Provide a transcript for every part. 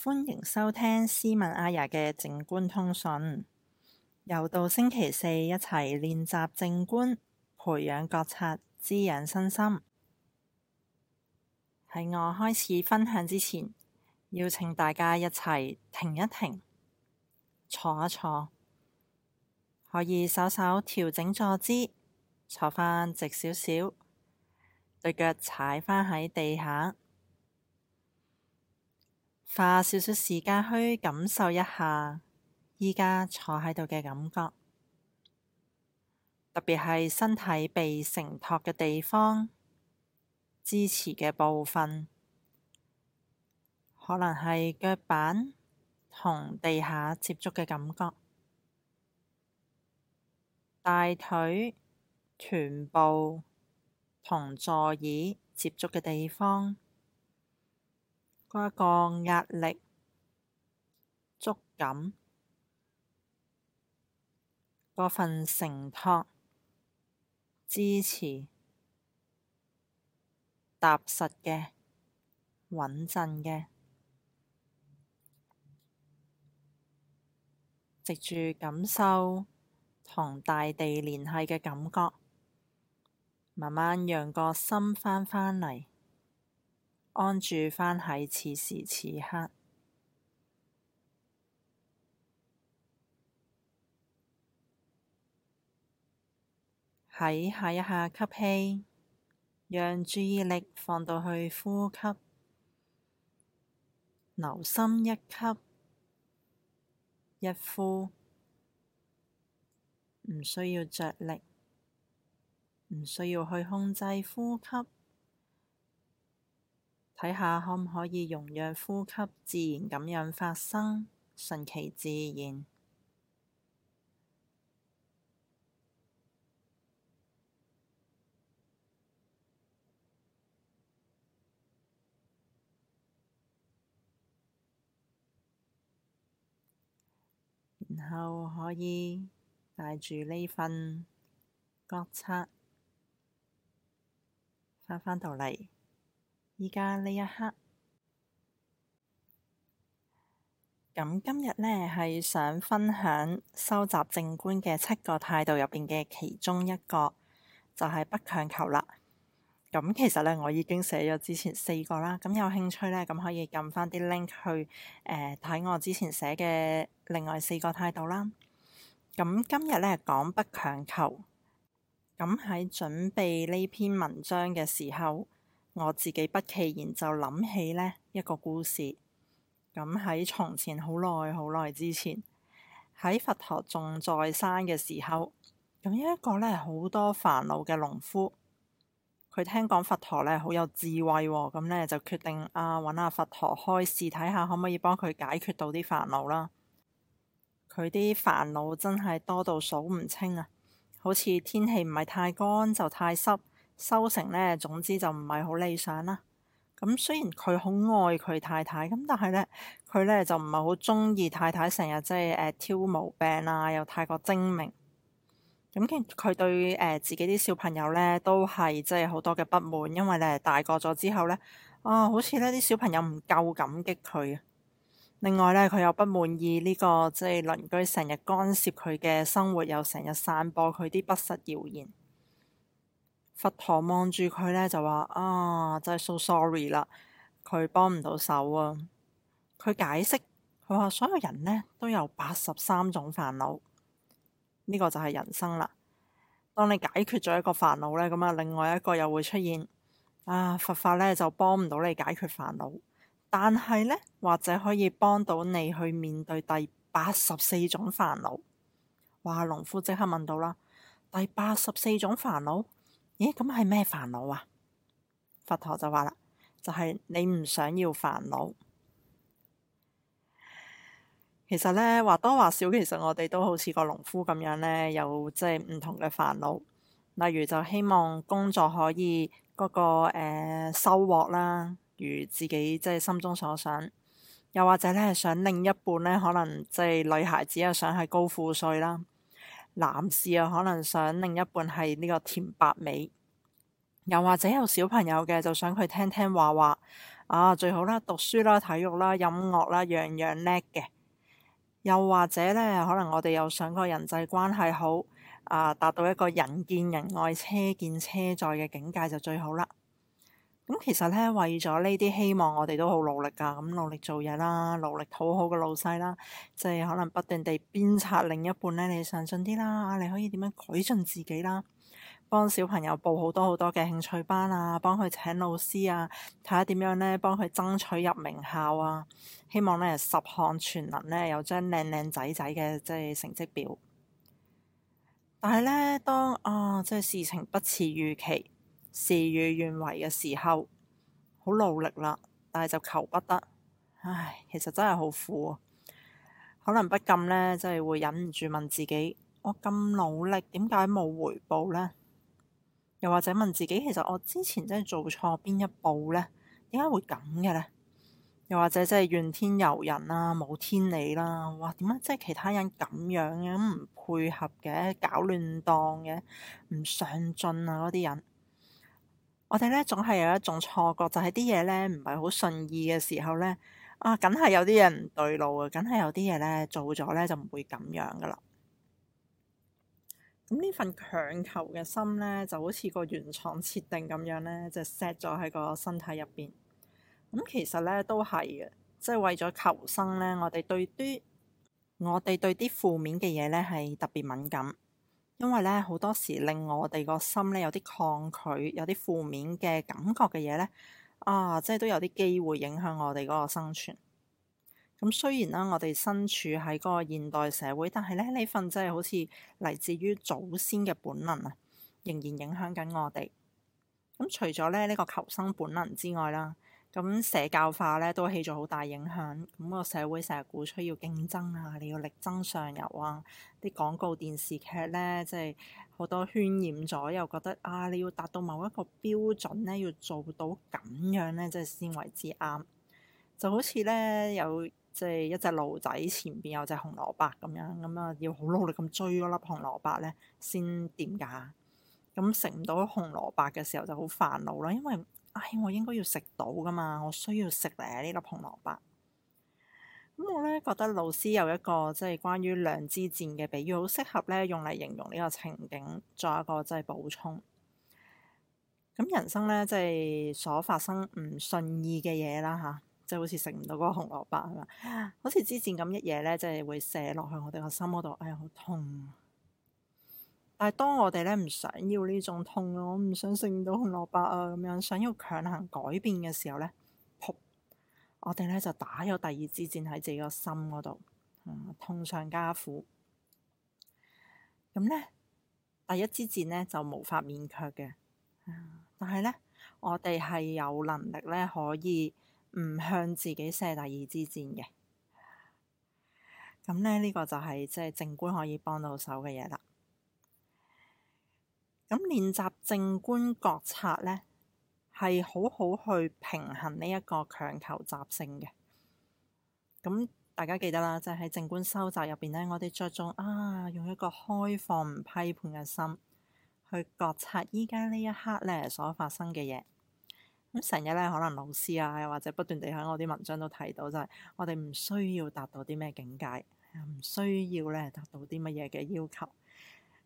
歡迎收聽思文阿爺嘅靜觀通訊。又到星期四，一齊練習靜觀，培養覺察，滋養身心。喺我開始分享之前，邀請大家一齊停一停，坐一坐，可以稍稍調整坐姿，坐返直少少，對腳踩返喺地下。花少少時間去感受一下而家坐喺度嘅感覺，特別係身體被承托嘅地方、支持嘅部分，可能係腳闆同地下接觸嘅感覺，大腿、臀部同座椅接觸嘅地方。嗰一個壓力觸感，嗰份承托、支持、踏實嘅穩陣嘅，藉住感受同大地聯繫嘅感覺，慢慢讓個心翻返嚟。安住返喺此時此刻，喺下一下吸氣，讓注意力放到去呼吸，留心一吸一呼，唔需要着力，唔需要去控制呼吸。睇下可唔可以容讓呼吸自然咁樣發生，順其自然，然後可以帶住呢份覺察翻返到嚟。而家呢一刻，咁今日呢，係想分享修習靜觀嘅七個態度入邊嘅其中一個，就係、是、不強求啦。咁其實呢，我已經寫咗之前四個啦。咁有興趣呢，咁可以撳翻啲 link 去誒睇我之前寫嘅另外四個態度啦。咁今日呢，講不強求。咁喺準備呢篇文章嘅時候，我自己不期然就諗起呢一個故事，咁喺從前好耐好耐之前，喺佛陀仲在生嘅時候，咁一個呢好多煩惱嘅農夫，佢聽講佛陀呢好有智慧，咁呢就決定啊揾阿佛陀開示，睇下可唔可以幫佢解決到啲煩惱啦。佢啲煩惱真係多到數唔清啊，好似天氣唔係太乾就太濕。收成呢，總之就唔係好理想啦。咁雖然佢好愛佢太太，咁但係呢，佢呢就唔係好中意太太，成日即係挑毛病呀，又太過精明。咁佢佢對自己啲小朋友呢，都係即係好多嘅不滿，因為呢大個咗之後呢，啊，好似呢啲小朋友唔夠感激佢。另外呢，佢又不滿意呢個即係鄰居成日干涉佢嘅生活，又成日散播佢啲不實謠言。佛陀望住佢咧，就話，啊，真係 so sorry 啦，佢幫唔到手啊。佢解釋佢話，所有人咧都有八十三種煩惱，呢個就係人生啦。當你解決咗一個煩惱咧，咁啊，另外一個又會出現啊。佛法咧就幫唔到你解決煩惱，但係咧或者可以幫到你去面對第八十四種煩惱。哇！農夫即刻問到啦，第八十四種煩惱？咦，咁係咩煩惱啊？佛陀就話啦，就係、是、你唔想要煩惱。其實咧，或多或少，其實我哋都好似個農夫咁樣咧，有即係唔同嘅煩惱。例如就希望工作可以嗰、那個、呃、收穫啦，如自己即係心中所想。又或者咧，想另一半咧，可能即係女孩子啊，想係高富帥啦。男士啊，可能想另一半係呢個甜白美，又或者有小朋友嘅就想佢聽聽話話啊，最好啦，讀書啦、體育啦、音樂啦，樣樣叻嘅。又或者呢，可能我哋又想個人際關係好啊，達到一個人見人愛、車見車載嘅境界就最好啦。咁其實咧，為咗呢啲希望，我哋都好努力噶。咁努力做嘢啦，努力討好嘅老細啦，即係可能不斷地鞭策另一半咧，你上進啲啦，你可以點樣改進自己啦，幫小朋友報好多好多嘅興趣班啊，幫佢請老師啊，睇下點樣咧，幫佢爭取入名校啊。希望咧，十項全能咧，有張靚靚仔仔嘅即係成績表。但係咧，當啊即係事情不似預期，事與願違嘅時候，好努力啦，但係就求不得。唉，其實真係好苦啊。可能不禁咧，真係會忍唔住問自己：我咁努力，點解冇回報咧？又或者問自己，其實我之前真係做錯邊一步咧？點解會咁嘅咧？又或者真係怨天尤人啦，冇天理啦。哇，點解真係其他人咁樣嘅咁唔配合嘅，搞亂檔嘅，唔上進啊嗰啲人。我哋咧總係有一種錯覺，就係啲嘢咧唔係好順意嘅時候咧，啊，梗係有啲嘢唔對路啊，梗係有啲嘢咧做咗咧就唔會咁樣噶啦。咁呢份強求嘅心咧，就好似個原創設定咁樣咧，就 set 咗喺個身體入邊。咁其實咧都係嘅，即係為咗求生咧，我哋對啲我哋對啲負面嘅嘢咧係特別敏感。因為咧好多時令我哋個心咧有啲抗拒、有啲負面嘅感覺嘅嘢咧啊，即係都有啲機會影響我哋個生存。咁、嗯、雖然咧我哋身處喺嗰個現代社會，但係咧呢份真係好似嚟自於祖先嘅本能啊，仍然影響緊我哋。咁、嗯、除咗咧呢、呢個求生本能之外啦。咁社教化咧都起咗好大影響，咁個社會成日鼓吹要競爭啊，你要力爭上游啊，啲廣告電視劇咧即係好多渲染咗，又覺得啊你要達到某一個標準咧，要做到咁樣咧即係先為之啱，就好似咧有即係一隻驢仔前邊有隻紅蘿蔔咁樣，咁啊要好努力咁追嗰粒紅蘿蔔咧先掂噶，咁食唔到紅蘿蔔嘅時候就好煩惱啦，因為。哎、我應該要食到噶嘛？我需要食咧呢粒紅蘿蔔咁。我咧覺得老師有一個即係關於兩支箭嘅比喻，好適合咧用嚟形容呢個情景，作一個即係補充。咁人生咧即係所發生唔順意嘅嘢啦，吓、啊，即係好似食唔到嗰個紅蘿蔔啊，好似支箭咁一嘢咧，即係會射落去我哋個心嗰度，哎呀好痛，啊。但係，當我哋咧唔想要呢種痛，我唔想食唔到紅蘿蔔啊，咁樣想要強行改變嘅時候咧，噗，我哋咧就打咗第二支箭喺自己個心嗰度，痛上加苦。咁咧，第一支箭咧就無法免卻嘅。但係咧，我哋係有能力咧可以唔向自己射第二支箭嘅。咁咧，呢個就係即係靜觀可以幫到手嘅嘢啦。咁練習靜觀覺察咧，係好好去平衡呢一個強求習性嘅。咁大家記得啦，就係喺靜觀修習入邊咧，我哋着重啊，用一個開放唔批判嘅心去覺察依家呢一刻咧所發生嘅嘢。咁成日咧，可能老師啊，或者不斷地喺我啲文章都提到，就是，就係我哋唔需要達到啲咩境界，唔需要咧達到啲乜嘢嘅要求。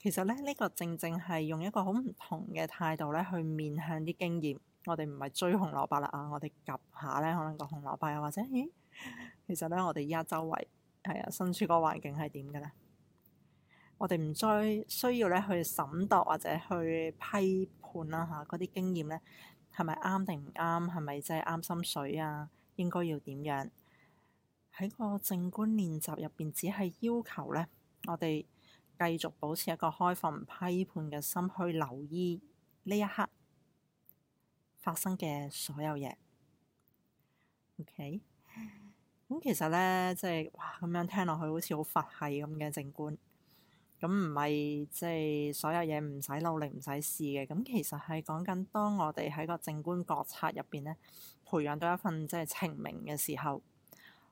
其實咧，呢個正正係用一個好唔同嘅態度咧，去面向啲經驗。我哋唔係追紅蘿蔔啦啊！我哋 𥄫 下咧，可能個紅蘿蔔又或者咦、哎？其實咧，我哋依家周圍係啊，身處個環境係點嘅咧？我哋唔再需要咧去審度或者去批判啦、啊、嚇，嗰啲經驗咧係咪啱定唔啱？係咪真係啱心水啊？應該要點樣喺個靜觀練習入邊？只係要求咧，我哋。繼續保持一個開放唔批判嘅心去留意呢一刻發生嘅所有嘢。OK，咁其實呢，即係、哇，咁樣聽落去好似好佛系咁嘅靜觀。咁唔係即係所有嘢唔使努力唔使試嘅。咁其實係講緊當我哋喺個靜觀覺察入邊咧，培養到一份即係清明嘅時候，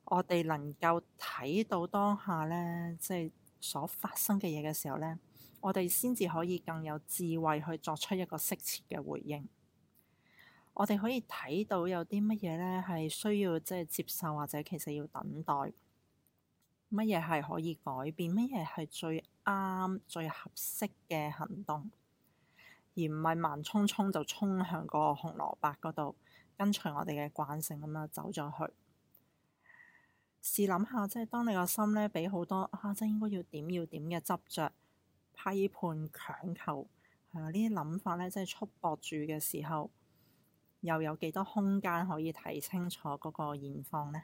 我哋能夠睇到當下呢，即係。所發生嘅嘢嘅時候呢，我哋先至可以更有智慧去作出一個適切嘅回應。我哋可以睇到有啲乜嘢呢係需要即係接受，或者其實要等待。乜嘢係可以改變？乜嘢係最啱最合適嘅行動？而唔係盲衝衝就衝向個紅蘿蔔嗰度，跟隨我哋嘅慣性咁樣走咗去。試諗下，即係當你個心咧俾好多啊，即係應該要點要點嘅執着、批判、強求啊，呢啲諗法咧，即係束縛住嘅時候，又有幾多空間可以睇清楚嗰個現況咧？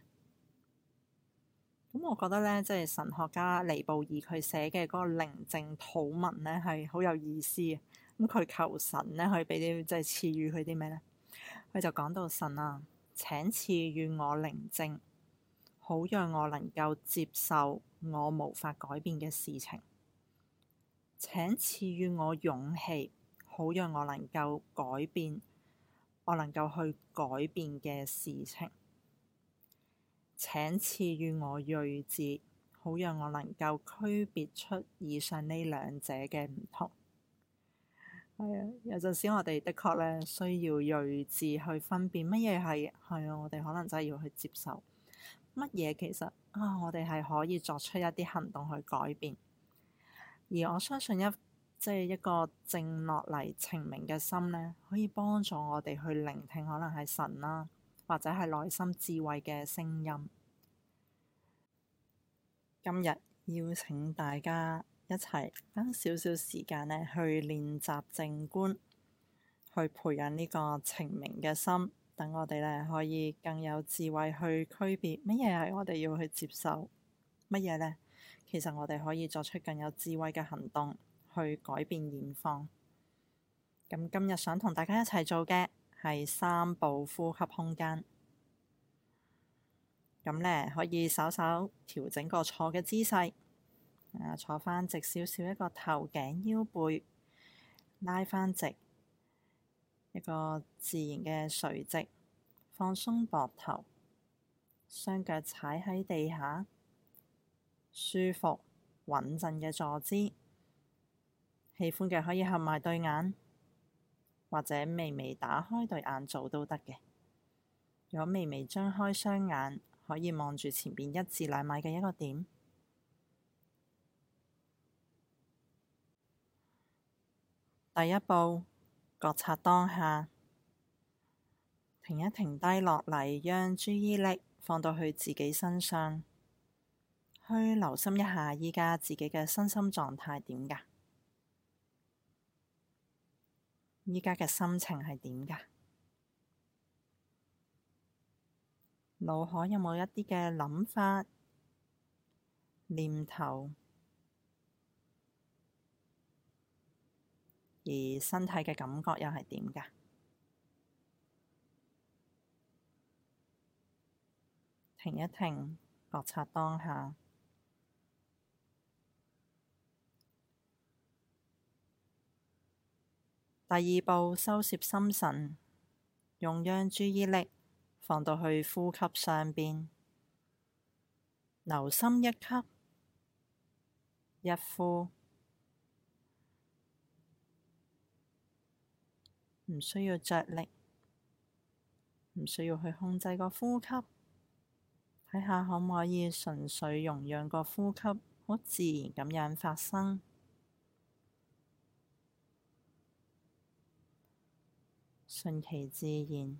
咁我覺得咧，即係神學家尼布爾佢寫嘅嗰個寧靜禱文咧，係好有意思嘅。咁佢求神咧去俾啲即係賜予佢啲咩咧？佢就講到神啊，請賜予我寧靜。好，讓我能夠接受我無法改變嘅事情。請賜予我勇氣，好讓我能夠改變我能夠去改變嘅事情。請賜予我睿智，好讓我能夠區別出以上呢兩者嘅唔同。係、哎、啊，有陣時我哋的確呢需要睿智去分辨乜嘢係係啊，我哋可能就係要去接受。乜嘢其實啊、哦，我哋係可以作出一啲行動去改變，而我相信一即係一個靜落嚟，澄明嘅心呢，可以幫助我哋去聆聽可能係神啦，或者係內心智慧嘅聲音。今日邀請大家一齊等少少時間呢，去練習靜觀，去培養呢個澄明嘅心。等我哋咧可以更有智慧去區別乜嘢係我哋要去接受，乜嘢呢？其實我哋可以作出更有智慧嘅行動去改變現況。咁今日想同大家一齊做嘅係三步呼吸空間。咁呢，可以稍稍調整個坐嘅姿勢，坐翻直少少，一個頭頸腰背，拉翻直。一個自然嘅垂直，放鬆膊頭，雙腳踩喺地下，舒服穩陣嘅坐姿。喜歡嘅可以合埋對眼，或者微微打開對眼做都得嘅。如果微微張開雙眼，可以望住前面一至兩米嘅一個點。第一步。覺察當下，停一停低落嚟，讓注意力放到去自己身上，去留心一下依家自己嘅身心狀態點噶，依家嘅心情係點噶，腦海有冇一啲嘅諗法、念頭？而身體嘅感覺又係點㗎？停一停，覺察當下。第二步，收攝心神，用讓注意力放到去呼吸上邊，留心一吸，一呼。唔需要着力，唔需要去控制個呼吸，睇下可唔可以純粹容讓個呼吸好自然咁樣發生，順其自然。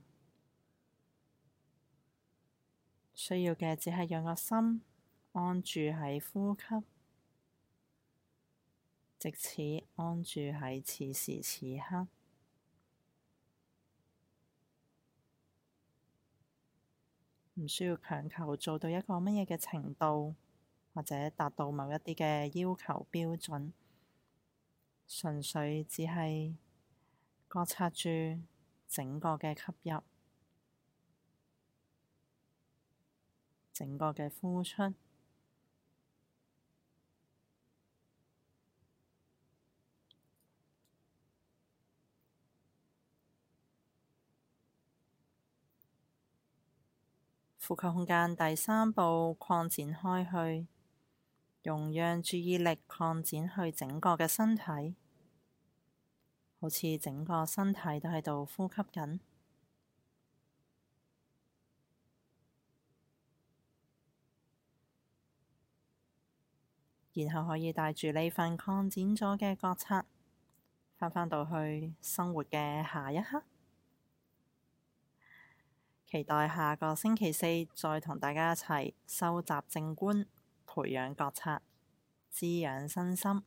需要嘅只係讓個心安住喺呼吸，直至安住喺此時此刻。唔需要強求做到一個乜嘢嘅程度，或者達到某一啲嘅要求標準，純粹只係覺察住整個嘅吸入，整個嘅呼出。呼吸空間第三步，擴展開去，容讓注意力擴展去整個嘅身體，好似整個身體都喺度呼吸緊。然後可以帶住你份擴展咗嘅覺察，翻返到去生活嘅下一刻。期待下個星期四再同大家一齊修習靜觀，培養覺察，滋養身心。